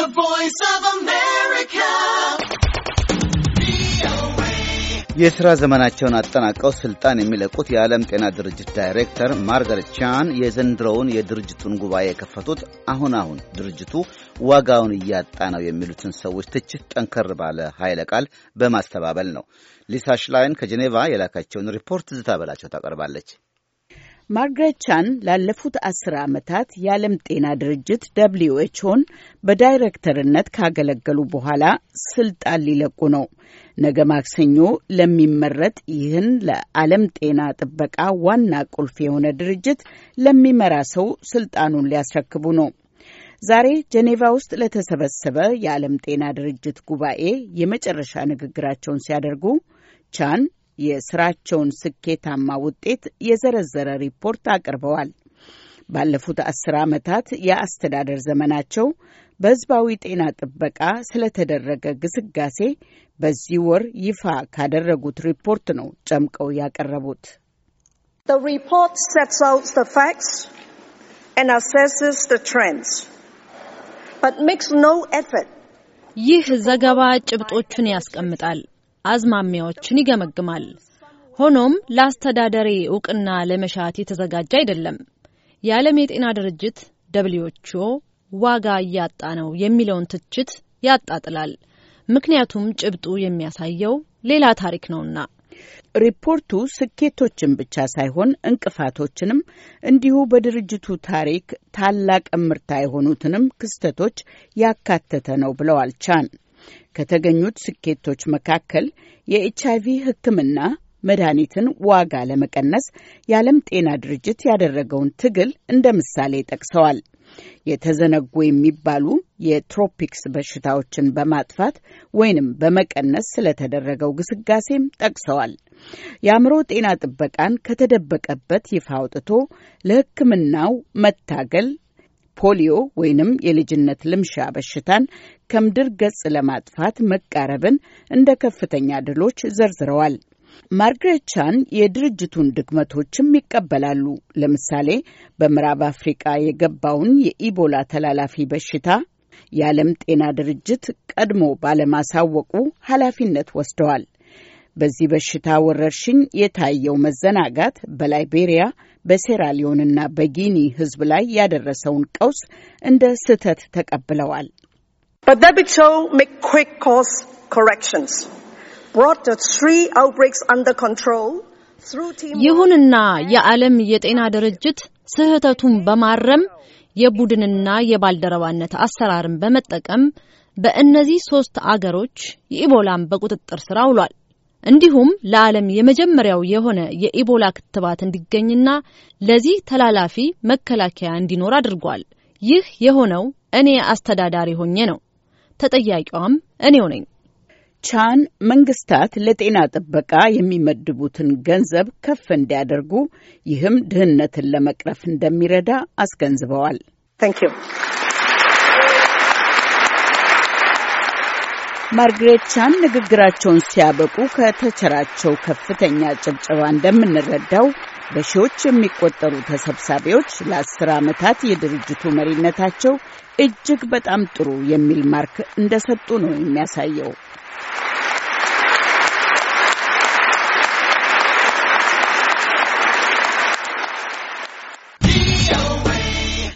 The Voice of America. የሥራ ዘመናቸውን አጠናቀው ሥልጣን የሚለቁት የዓለም ጤና ድርጅት ዳይሬክተር ማርጋሬት ቻን የዘንድሮውን የድርጅቱን ጉባኤ የከፈቱት አሁን አሁን ድርጅቱ ዋጋውን እያጣ ነው የሚሉትን ሰዎች ትችት ጠንከር ባለ ኃይለ ቃል በማስተባበል ነው። ሊሳ ሽላይን ከጄኔቫ የላካቸውን ሪፖርት ዝታ በላቸው ታቀርባለች። ማርግሬት ቻን ላለፉት አስር ዓመታት የዓለም ጤና ድርጅት ደብሊዩ ኤችኦን በዳይሬክተርነት ካገለገሉ በኋላ ስልጣን ሊለቁ ነው። ነገ ማክሰኞ ለሚመረጥ ይህን ለዓለም ጤና ጥበቃ ዋና ቁልፍ የሆነ ድርጅት ለሚመራ ሰው ስልጣኑን ሊያስረክቡ ነው። ዛሬ ጀኔቫ ውስጥ ለተሰበሰበ የዓለም ጤና ድርጅት ጉባኤ የመጨረሻ ንግግራቸውን ሲያደርጉ ቻን የስራቸውን ስኬታማ ውጤት የዘረዘረ ሪፖርት አቅርበዋል። ባለፉት አስር ዓመታት የአስተዳደር ዘመናቸው በሕዝባዊ ጤና ጥበቃ ስለተደረገ ግስጋሴ በዚህ ወር ይፋ ካደረጉት ሪፖርት ነው ጨምቀው ያቀረቡት። ይህ ዘገባ ጭብጦቹን ያስቀምጣል፣ አዝማሚያዎችን ይገመግማል። ሆኖም ለአስተዳደሬ እውቅና ለመሻት የተዘጋጀ አይደለም። የዓለም የጤና ድርጅት ደብሊውኤችኦ ዋጋ እያጣ ነው የሚለውን ትችት ያጣጥላል። ምክንያቱም ጭብጡ የሚያሳየው ሌላ ታሪክ ነውና። ሪፖርቱ ስኬቶችን ብቻ ሳይሆን እንቅፋቶችንም እንዲሁ በድርጅቱ ታሪክ ታላቅ እምርታ የሆኑትንም ክስተቶች ያካተተ ነው ብለዋል ቻን። ከተገኙት ስኬቶች መካከል የኤች አይቪ ሕክምና መድኃኒትን ዋጋ ለመቀነስ የዓለም ጤና ድርጅት ያደረገውን ትግል እንደ ምሳሌ ጠቅሰዋል። የተዘነጉ የሚባሉ የትሮፒክስ በሽታዎችን በማጥፋት ወይንም በመቀነስ ስለተደረገው ግስጋሴም ጠቅሰዋል። የአእምሮ ጤና ጥበቃን ከተደበቀበት ይፋ አውጥቶ ለሕክምናው መታገል ፖሊዮ ወይንም የልጅነት ልምሻ በሽታን ከምድር ገጽ ለማጥፋት መቃረብን እንደ ከፍተኛ ድሎች ዘርዝረዋል። ማርግሬት ቻን የድርጅቱን ድክመቶችም ይቀበላሉ። ለምሳሌ በምዕራብ አፍሪቃ የገባውን የኢቦላ ተላላፊ በሽታ የዓለም ጤና ድርጅት ቀድሞ ባለማሳወቁ ኃላፊነት ወስደዋል። በዚህ በሽታ ወረርሽኝ የታየው መዘናጋት በላይቤሪያ በሴራሊዮንና በጊኒ ህዝብ ላይ ያደረሰውን ቀውስ እንደ ስህተት ተቀብለዋል። ይሁንና የዓለም የጤና ድርጅት ስህተቱን በማረም የቡድንና የባልደረባነት አሰራርን በመጠቀም በእነዚህ ሶስት አገሮች የኢቦላን በቁጥጥር ስር አውሏል። እንዲሁም ለዓለም የመጀመሪያው የሆነ የኢቦላ ክትባት እንዲገኝና ለዚህ ተላላፊ መከላከያ እንዲኖር አድርጓል። ይህ የሆነው እኔ አስተዳዳሪ ሆኜ ነው። ተጠያቂዋም እኔው ነኝ። ቻን መንግስታት ለጤና ጥበቃ የሚመድቡትን ገንዘብ ከፍ እንዲያደርጉ ይህም ድህነትን ለመቅረፍ እንደሚረዳ አስገንዝበዋል። ማርግሬት ቻን ንግግራቸውን ሲያበቁ ከተቸራቸው ከፍተኛ ጭብጨባ እንደምንረዳው በሺዎች የሚቆጠሩ ተሰብሳቢዎች ለአስር ዓመታት የድርጅቱ መሪነታቸው እጅግ በጣም ጥሩ የሚል ማርክ እንደሰጡ ነው የሚያሳየው።